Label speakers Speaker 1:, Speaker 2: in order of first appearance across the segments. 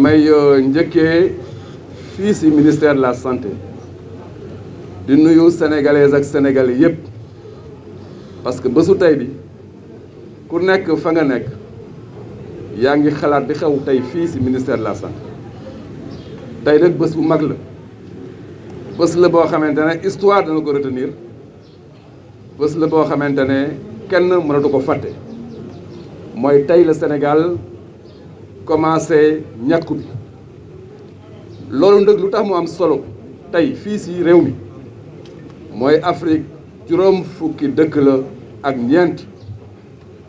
Speaker 1: may euh, njëkkee fii si ministère la santé di nuyu sénégalaises ak sénégalais yépp parce que bésu tey bi ku nekk fa nga nekk yaa ngi xalaat di xew tey fii si ministère la santé tey nag bés bu mag la bés la boo xamante ne histoire dana ko retenir bés la boo xamante ne kenn mënatu ko fàtte mooy tey la Sénégal commencé ñàkku bi loolu ndëg lu tax mu am solo tey fii si réew mi mooy Afrique juróom fukki dëkk la ak ñeent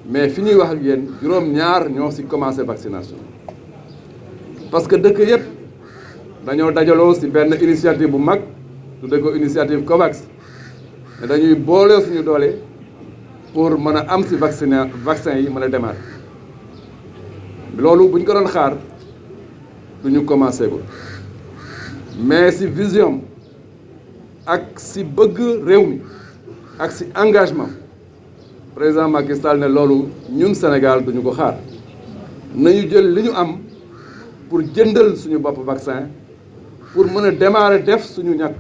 Speaker 1: mais fi ñuy wax ak yéen juróom ñaar ñoo si commencé vaccination parce que dëkk yëpp dañoo dajaloo si benn initiative bu mag tudde ko initiative COVAX mais dañuy boole suñu doole pour mën a am si vaccin vaccin yi mën a démarrer loolu bu ñu ko doon xaar du ñu commencé ko mais si vision ak si bëgg réew mi ak si engagement président Macky ne loolu ñun Sénégal ñu ko xaar nañu jël li ñu am pour jëndal suñu bopp vaccin pour mën a démarrer def suñu ñàkk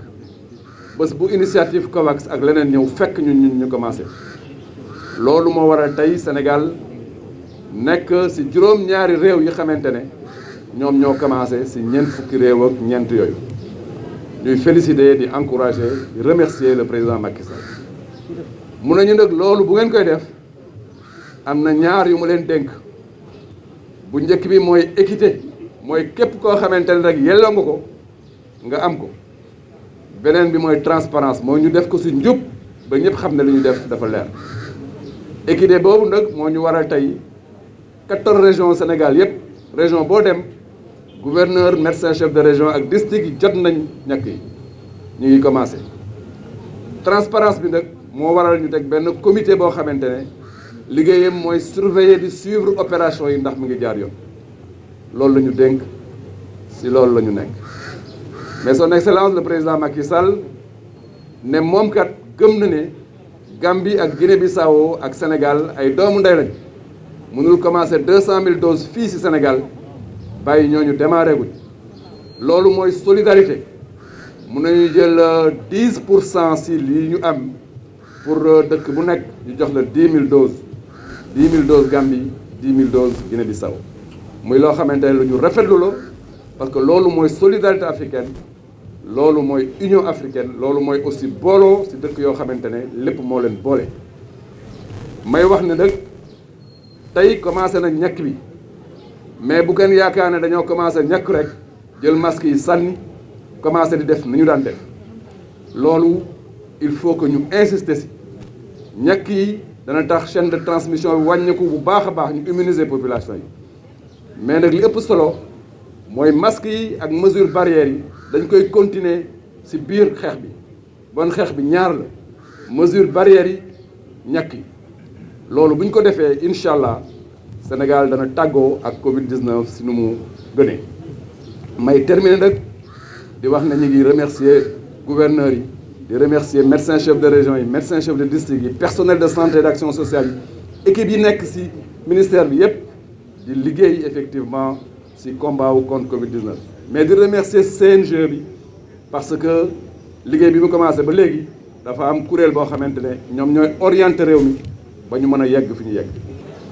Speaker 1: bés bu initiative COVAX ak leneen ñëw fekk ñun ñun ñu commencé loolu moo waral tey Sénégal. nekk si juróom-ñaari réew yi xamante ne ñoom ñoo commencé si ñeent fukki réew ñeent yooyu ñuy féliciter di encourager di remercier la président Macky Sall mun nañu nag loolu bu ngeen koy def am na ñaar yu mu leen dénk bu njëkk bi mooy équité mooy képp koo xamante ne rek yelloo nga ko nga am ko beneen bi mooy transparence moo ñu def ko si njub ba ñëpp xam ne li ñu def dafa leer équité boobu nag moo ñu war a tey quatorze région Sénégal yëpp région boo dem gouverneur médecin chef de région ak district yi jot nañ ñàkk yi ñu ngi commencé transparence bi nag moo waral ñu teg benn comité boo xamante ne liggéeyam mooy surveiller di suivre opération yi ndax mu ngi jaar yoon loolu la ñu dénk si loolu la ñu nekk mais son excellence le président Macky Sall ne moom kat gëm na ne Gambie ak Guinée-Bissau ak Sénégal ay doomu ndey lañ mënul commencé deux cent mille doses fii ci Sénégal bàyyi ñooñu démarré guñ loolu mooy solidarité mun nañu jël euh, dix pour cent ci lii ñu am pour euh, dëkk bu nekk ñu jox la dix mille doses dix mille doses Gambie dix mille doses Guinée-Bissau muy loo xamante ne lu ñu rafetlu la parce que loolu mooy solidarité africaine loolu mooy union africaine loolu mooy aussi booloo ci dëkk yoo xamante ne lépp moo leen boole may wax ne nag. tey commencé nag ñàkk bi mais bu kenn yaakaar ne dañoo commencé ñàkk rek jël masque yi sànni commencé di def ni ñu daan def loolu il faut que ñu insister si ñàkk yi dana tax chaîne de transmission bi wàññeeku bu baax a baax ñu immuniser population yi mais nag li ëpp solo mooy masque yi ak mesure barrière yi dañ koy continuer si biir xeex bi bon xeex bi ñaar la mesure barrière yi ñàkk yi loolu bu ñu ko defee incha allah Sénégal dana tàggoo ak Covid 19 si nu mu gënee may terminer nag di wax nañu ñu ngi remercier gouverneur yi di remercier médecin chef de région yi médecin chef de district yi personnel de santé et d'action sociale yi équipe yi nekk si ministère bi yëpp di liggéey effectivement si combat wu contre Covid 19. mais di remercier CNG bi parce que liggéey bi mu commencé ba léegi dafa am kuréel boo xamante ne ñoom ñooy orienté réew mi. ba ñu mën a yegg fi ñu yegg.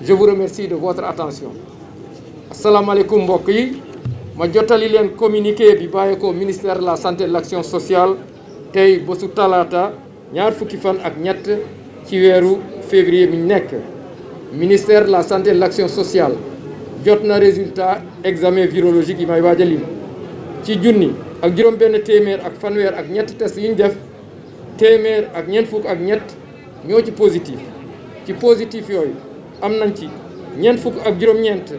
Speaker 1: je vous remercie de votre attention.
Speaker 2: asalaamaaleykum mbokk yi ma jotali leen communiqué bi bàyyeeko ministère de la santé et de l'action sociale tey bésu talaata ñaar fukki fan ak ñett ci weeru février bi nekk. ministère de la santé et de l'action sociale jot na résultat examen virologique yi may waaj a ci junni ak juróom-benn téeméer ak fanweer ak ñett test yi ñu def téeméer ak ñeent fukk ak ñett ñoo ci positif. ci positif yooyu am nañ ci ñeent fukk ak juróom-ñeent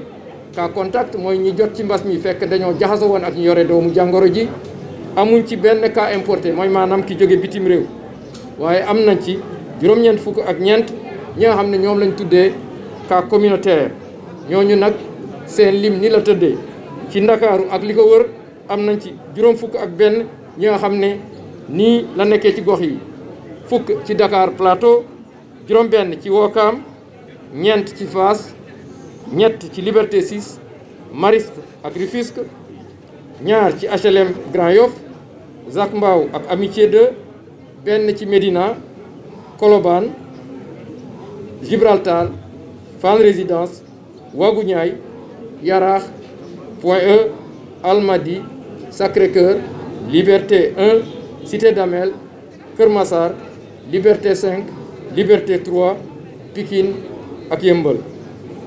Speaker 2: cas contact mooy ñi jot ci mbas mi fekk dañoo jaxasoo woon ak ñu yore doomu jàngoro ji amuñ ci benn cas importé mooy maanaam ki jóge bitim réew waaye am nañ ci juróom-ñeent fukk ak ñeent ñi nga xam ne ñoom lañ tuddee cas communautaire ñooñu nag seen lim ni la tëddee ci ndakaaru ak li ko wër am nañ ci juróom fukk ak benn ñi nga xam ne nii la nekkee ci gox yi fukk ci Dakar Plateau juróom-benn ci Wokam ñeent ci Fass ñett ci Liberté 6 ak Rufisque ñaar ci HLM Grand Yoff Zac Mbao ak Amitié 2 benn ci Médina Colobane Gibraltar Fann Résidence Waguñaay Yaraax Point E Almadies Sacré-Cœur Liberté 1 Cité d'Amel Keur Liberté Liberté 3 Pikine ak Yëmbal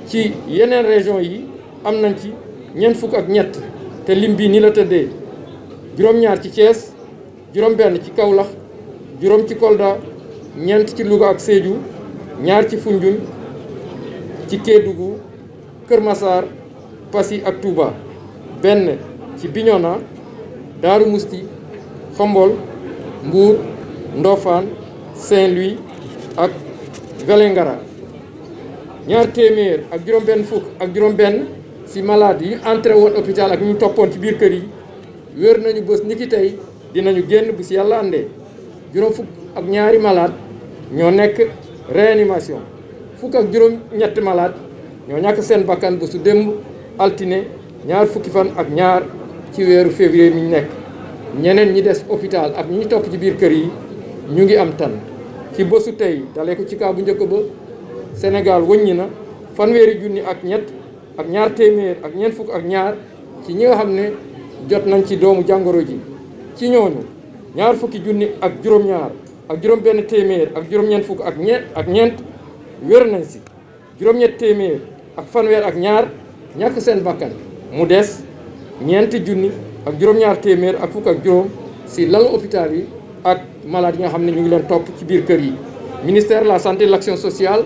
Speaker 2: ci yeneen région yi am nañ ci ñeent fukk ak ñett te lim bi ni la tëddee juróom-ñaar ci Thiès juróom-benn ci Kaolack juróom ci Kolda ñeent ci Louga ak Sédhiou ñaar ci Foundiougne ci Kédougou Kër Massar Passy ak Touba benn ci Bignona Darou musti Xombol Mbour Ndofane Saint-Louis ak Vélingara ñaar téeméer ak juróom-benn fukk ak juróom-benn si malade yi entré woon hôpital ak ñu toppoon ci biir kër yi wér nañu bés ni ki tey dinañu génn bu si yàlla àndee juróom fukk ak ñaari malade ñoo nekk réanimation fukk ak juróom ñetti malade ñoo ñàkk seen bakkan bu su démb altine ñaar fukki fan ak ñaar ci weeru février mi nekk ñeneen ñi des hôpital ak ñu topp ci biir kër yi ñu ngi am tan ci bésu tey dalee ci kaa bu njëkk ba Sénégal wëññi na fanweeri junni ak ñett ak ñaar téeméer ak ñeent fukk ak ñaar ci ñi nga xam ne jot nañ ci doomu jàngoro ji ci ñooñu ñaar fukki junni ak juróom-ñaar ak juróom-benn téeméer ak juróom-ñeent fukk ak ñeent ak ñeent wér nañ si juróom-ñett téeméer ak fanweer ak ñaar ñàkk seen bakkan mu des ñeent junni ak juróom-ñaar téeméer ak fukk ak juróom si lalu hôpital yi ak malade yi nga xam ne ñu ngi leen topp ci biir kër yi ministère la santé de l'action sociale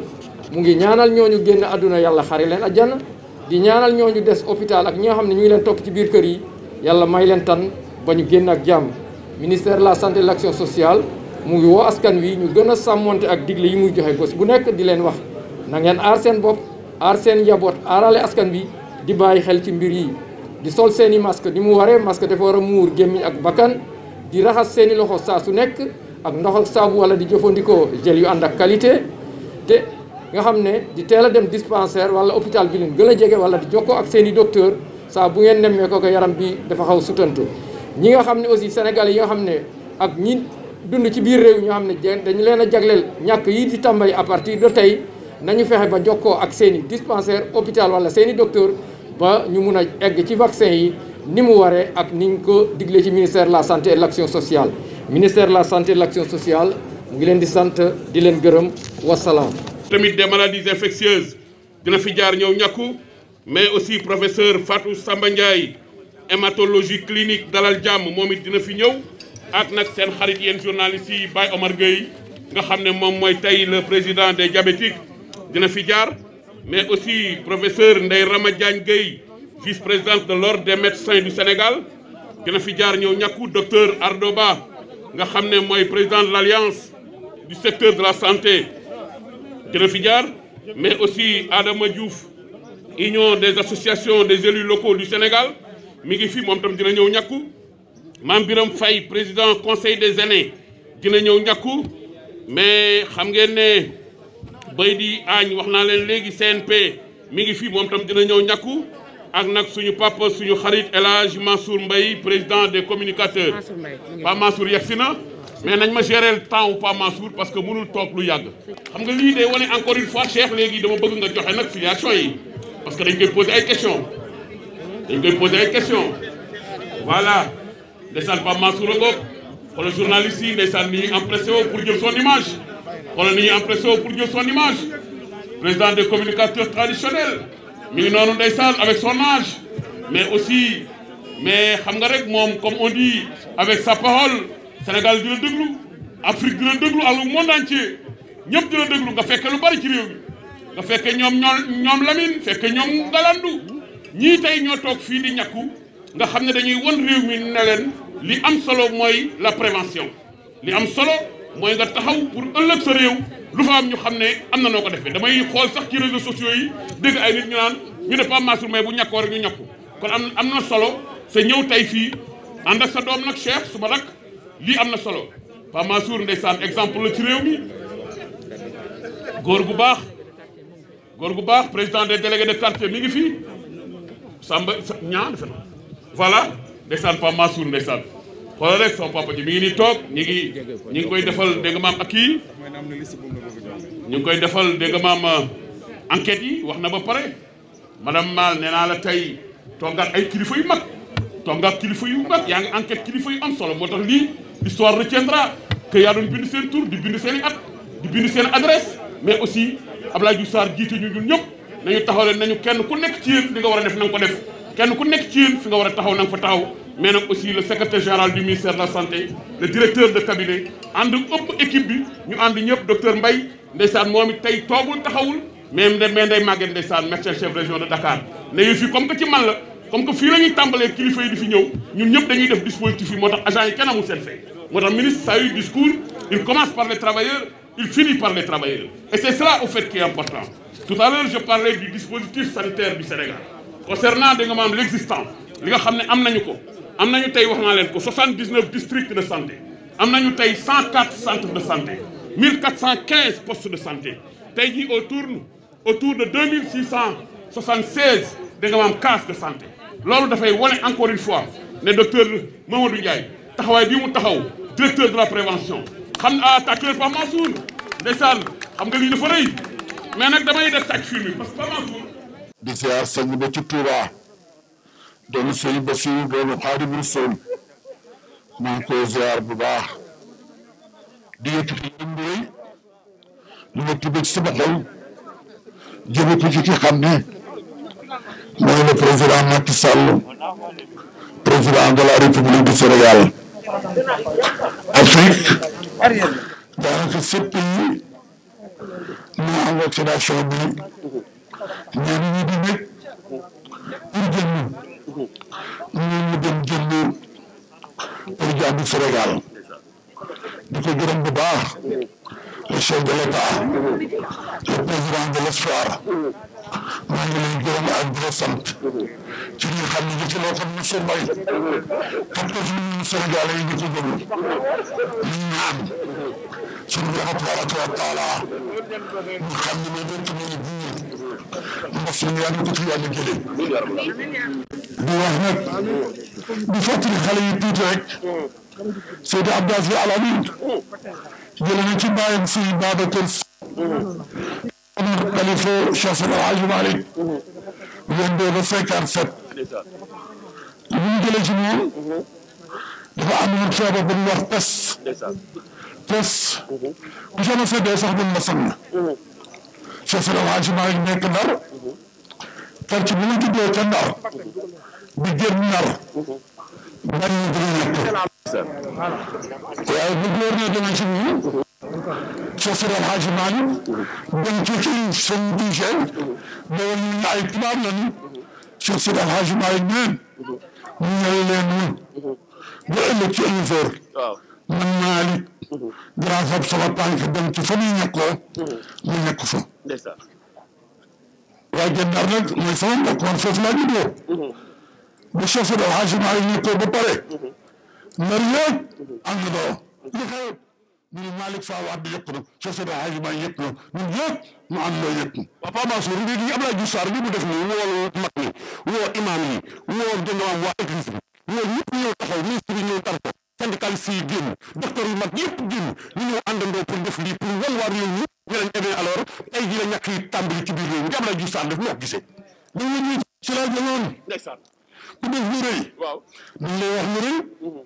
Speaker 2: mu ngi ñaanal ñooñu génn àdduna yàlla xare leen a àjjana di ñaanal ñu des hôpital ak ñi nga xam ne ñu ngi leen topp ci biir kër yi yàlla may leen tan ba ñu génn ak jàmm ministère la santé de l'action sociale mu ngi woo askan wi ñu gën a sàmmonte ak digle yi muy joxe bés bu nekk di leen wax na ngeen aar seen bopp aar seen yaboot aarale askan bi di bàyyi xel ci mbir yi di seen i masque mu waree masque dafa war a muur gémmiñ ak bakkan di raxas seeni loxo saa su nekk ak ndox ak saabu wala di jëfandikoo gel yu ànd ak qualité te nga xam ne di teel a dem dispensaire wala hôpital bi gën a jege wala di jokkoo ak seeni docteur saa bu ngeen nemmee ko ko yaram bi dafa xaw sutantu ñi nga xam ne aussi sénégalais yi nga xam ne ak ñi dund ci biir réew ñoo xam ne dañu leen a jagleel ñàkk yi di tàmbali à partir de tey nañu fexe ba jokkoo ak seeni dispensaire hôpital wala seeni docteur ba ñu mun a egg ci vaccin yi ni mu waree ak niñ ko diglee ci ministère la santé et l'action sociale ministère la santé et de l'action sociale mu ngi leen di sant di leen gërëm wasalaam.
Speaker 3: tamit des maladies infectieuses dina fi jaar ñëw ñàkku mais aussi professeur Fatou Samba Ndiaye hématologie clinique dalal jàmm moom it dina fi ñëw ak nag seen xarit yéen journalistes yi Baye Omar Gueye nga xam ne moom mooy tey le président des diabétiques dina fi jaar mais aussi professeur Ndeye Rama Diagne Gueye vice président de l'ordre des médecins du Sénégal dina fi jaar ñëw ñàkku docteur Ardoba nga xam ne mooy président de l'alliance du secteur de la santé dina fi jaar mais aussi Adama Diouf union des associations des élus locaux du Sénégal mi ngi fi moom tam dina ñëw ñàkku maam Birame fay président conseil des aînés dina ñëw ñakku mais xam ngeen ne bay di aañ wax naa leen léegi CNP mi ngi fi moom tam dina ñëw ñàkku ak nag suñu papa suñu xarit El Hadj Mansour mbay président de communicateurs Pa Mansour yegsi na mais nañ ma gérer temps Pa Mansour parce que mënul toog lu yàgg xam nga lii day wane encore une fois Cheikh léegi dama bëgg nga joxe nag filiation yi parce que dañ koy poser ay question dañ koy poser ay question voilà ndeysaan Pa Mansour a ngoog xoolal journaliste yi ndeysaan ni ñuy empressé woo pour jël son image xoolal ni ñuy empressé woo pour jël son image président des communicateurs traditionnels mi ngi noonu ndeysaan avec son âge aussi mais xam nga rek moom comme on dit avec sa parole Sénégal dina déglu Afrique dina déglu ak le monde entier ñëpp dina déglu nga fekke lu bari ci réew mi nga fekke ñoom ñoom ñoom Lamine fekke ñoom Galandou ñii tey ñoo toog fii di ñakku nga xam ne dañuy won réew mi ne leen li am solo mooy la prévention li am solo mooy nga taxaw pour ëllëg sa réew lu fa am ñu xam ne am na noo ko defee damay xool sax ci réseaux sociaux yi dégg ay nit ñu naan ñu ne Pape Mansour Mbaye bu ñàkkoo rek ñu ñàkku kon am am na solo sa ñëw tay fii ànd ak sa doom nag Cheikh suba nag lii am na solo Pape Mansour ndeysaan exemple la ci réew mi góor gu baax góor gu baax président des délégués de quartier mi ngi fii sa Samba ñaa defe na voilà ndeysaan Pape Mansour ndeysaan xoolal rek sama papa ji mi ngi nii toog ñu ngi ñu ngi koy defal dégg nga maam ak kii
Speaker 1: ñu euh,
Speaker 3: ngi koy defal dégg nga maam enquêtes yi wax na ba pare madame Mal nee naa la tey toogaat ay kilifa yu mag toogaat kilifa yu mag yaa ngi enquête kilifa yu am solo moo tax lii l'histoire retiendra que yaa doon bind seen tur di bind seen at di bind seen adresse mais aussi Abdoulaye Diouf Sarr jiite ñu ñun ñëpp nañu taxaw leen nañu kenn ku nekk ci yéen nga war a def na ko def kenn ku nekk ci fi nga war a taxaw na nga fa taxaw mais nag aussi le secrétaire général du ministère de la santé le directeur de cabinet ànd ëpp équipe bi ñu ànd ñëpp docteur Mbaye ndeysaan moom it tey toogul taxawul mais mais nday màgget ndeysaan médecin chef région de Dakar ne yooyu fii comme que ci man la comme que fii la ñuy tàmbalee kilifa yi di fi ñëw ñun ñëpp dañuy def dispositif yi moo tax agent yi kenn amul seen fee moo tax ministre saa yu discours il commence par les travailleurs il finit par les travailleurs et c'est cela au fait qui ne am nañu ko am nañu tey wax naa leen ko 79 districts de santé am nañu tey 104 centres de santé 1415 postes de santé tey jii autour autour de 2676 da nga am case de santé loolu dafay wane encore une fois ne docteur Mamadou Ndiaye taxawaay bi mu taxaw directeur de la prévention xam ah tàcculeen Pape Mansour ndeysaan xam nga lii dafa rëy mais nag damay def tàcc film bi parce que Pape Mansour
Speaker 4: di siyaar doomu sëñ Basiru doomu Xaadimu Rasuul maa ngi koy ziar bu baax di yëkkati fi dimbalee li ma tibbee ci sama xol jëme ko ci ki xam ne mooy le président Macky Sall président de la République du Sénégal Afrique daanaka sëpp yi mu am vaccination bi ñenn ñi di nekk pour jëmm ñun ñu dem jënd pour jàmm Sénégal di ko gërëm bu baax le chef de l'État le président de l'histoire maa ngi lay gërëm ak di la sant ci li xam ne ñu ci loo xam ne su may xam nga suñu Sénégal yi ñu ko gëm ñu ñaan suñu borom tabaraka wa taala ñu xam mbas mi yàlla ko ci yàlla jëlee di wax nag di fàttali xale yi tuuti rek Seydou Abdou Aziz Al Amin jëlee na ci bàyyam suy Babacar Sy Omar Khalifa Cheikh El Hadj Malick vingt deux ba cinquante sept li mu jëlee ci moom dafa amoon feebar bu ñu wax pes pes bu sama feddee sax mën na sang Cheikh Seydi El nekk Ndar quartier bi mu juddoo ca Ndar di génn Ndar bari na dina nekk waaye bu góor nee dana ci ñun Cheikh Seydi El Hadji Malick ci ci seen budget ba woon ay tubaab la ni Cheikh Seydi ci unifor man Malick grâce à sama tànk dem ci fa muy ñàkkoo waa Gendar nag mooy sama mbokk man foofu laa juddoo mhm. bu chef de Hadj Malick ñu ko ba pare mhm. nar yëpp ànd mhm. doo li xew ñu ne Malick Fa waat di yëpp na chef de Hadj Malick yëpp na ñun yëpp mu ànd loo yëpp Papa Mansour lii di Abdoulaye Diouf Sarr li mu def nii woo mag mi woo imam yi woo gendarme waa église bi woo ñëpp ñëw taxaw ministre yi ñëw tar ko syndicaliste yi génn docteur yu mag yëpp génn ñu ñëw àndandoo pour def lii pour wan waar réew mi ñàkk yi tàmbali ci biir réew mi Abdoulaye Diouf Sarr def moo ko gisee. bu ñu ñuy ci la ñëwoon. ku def lu rëy. duñ lay wax lu rëy. Mhm.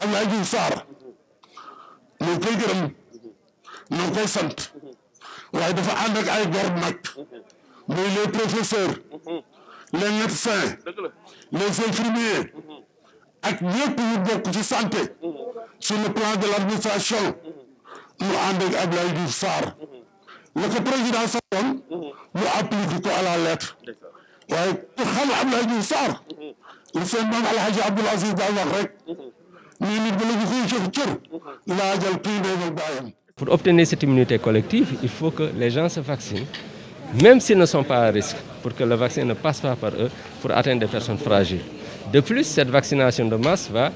Speaker 4: Abdoulaye Diouf Sarr ñoo mhm. koy gërëm ñoo mhm. koy sant waaye dafa ànd ak ay góor nag muy les professeurs les médecins les infirmiers ak ñëpp ñu bokk ci santé sur le plan de l' administration mu ànd ak Abdoulaye Diouf Sarr. la ko président saxoon mu appliqué ko à la lettre waaye ku xam Abdoulaye Diouf Sarr lu seen maam Alhaji Abdoul Aziz daa wax rek nii nit ba la ñu koy jox cër laajal kii ndeymal baayam
Speaker 5: pour obtenir cette immunité collective il faut que les gens se vaccinent même s'ils ne sont pas à risque pour que le vaccin ne passe pas par eux pour atteindre des personnes fragiles de plus cette vaccination de masse va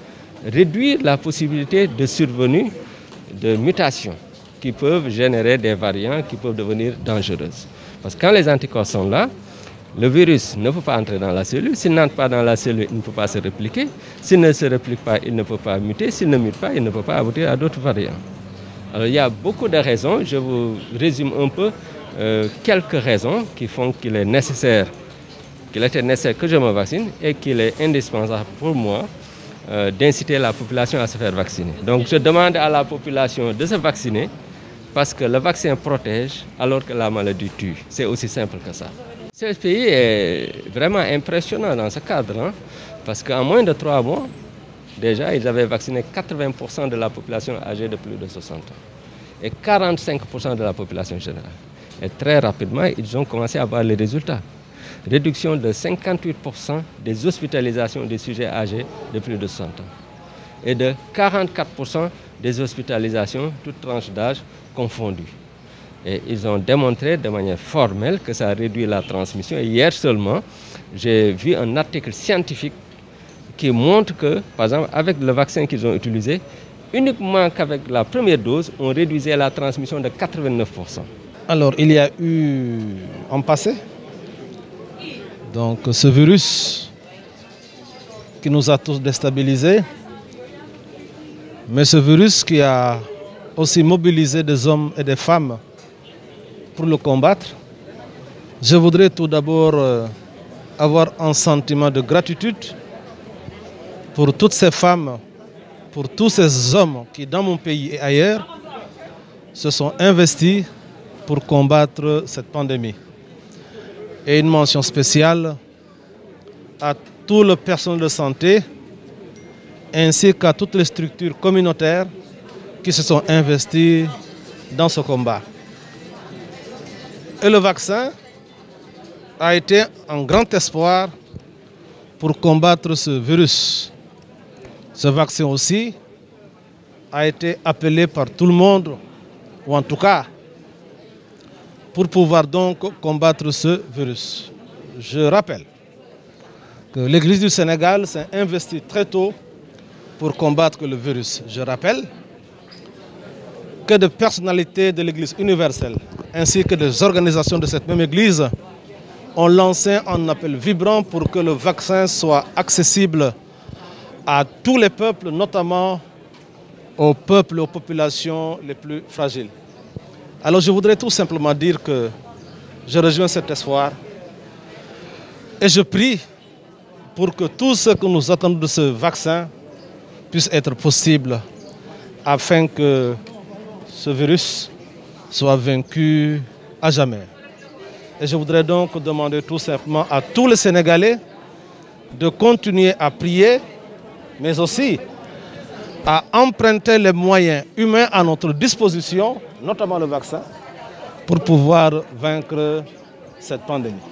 Speaker 5: réduire la possibilité de survenue de mutations qui peuvent générer des variants qui peuvent devenir dangereuses. Parce que quand les anticorps sont là, le virus ne peut pas entrer dans la cellule. S'il n'entre pas dans la cellule, il ne peut pas se répliquer. S'il ne se réplique pas, il ne peut pas muter. S'il ne mute pas, il ne peut pas aboutir à d'autres variants. Alors, il y a beaucoup de raisons. Je vous résume un peu euh, quelques raisons qui font qu'il est nécessaire, qu'il était nécessaire que je me vaccine et qu'il est indispensable pour moi euh, d'inciter la population à se faire vacciner. Donc, je demande à la population de se vacciner Parce que le vaccin protège alors que la maladie tue. C'est aussi simple que ça. Ce pays est vraiment impressionnant dans ce cadre, hein, parce qu'en moins de trois mois, déjà, ils avaient vacciné 80% de la population âgée de plus de 60 ans et 45% de la population générale. Et très rapidement, ils ont commencé à voir les résultats. Réduction de 58% des hospitalisations des sujets âgés de plus de 100 ans et de des hospitalisations, toutes tranches d'âge confondues. Et ils ont démontré de manière formelle que ça réduit la transmission. Et hier seulement, j'ai vu un article scientifique qui que, par exemple, avec le vaccin qu'ils ont utilisé, uniquement qu'avec la première dose, on réduisait la transmission de 89%. Alors, il y
Speaker 6: a eu en passé, donc ce virus qui nous a tous déstabilisés, Mais ce virus qui a aussi mobilisé des hommes et des femmes pour le combattre, je voudrais tout d'abord euh, avoir un sentiment de gratitude pour toutes ces femmes, pour tous ces hommes qui, dans mon pays et ailleurs, se sont investis pour combattre cette pandémie. Et une mention spéciale à tout le personnel de santé ainsi qu'à toutes les structures communautaires qui se sont investies dans ce combat. Et le vaccin a été un grand espoir pour combattre ce virus. Ce vaccin aussi a été appelé par tout le monde, ou en tout cas, pour pouvoir donc combattre ce virus. Je rappelle que l'Église du Sénégal s'est investie très tôt pour combattre le virus. Je rappelle que de personnalités de l'Église universelle ainsi que des organisations de cette même Église ont lancé un appel vibrant pour que le vaccin soit accessible à tous les peuples, notamment aux peuples, aux populations les plus fragiles. Alors je voudrais tout simplement dire que je rejoins cet espoir et je prie pour que tout ce que nous attendons de ce vaccin puisse être possible afin que ce virus soit vaincu à jamais. Et je voudrais donc demander tout simplement à tous les Sénégalais de continuer à prier, mais aussi à emprunter les moyens humains à notre disposition, notamment le vaccin, pour pouvoir vaincre cette pandémie.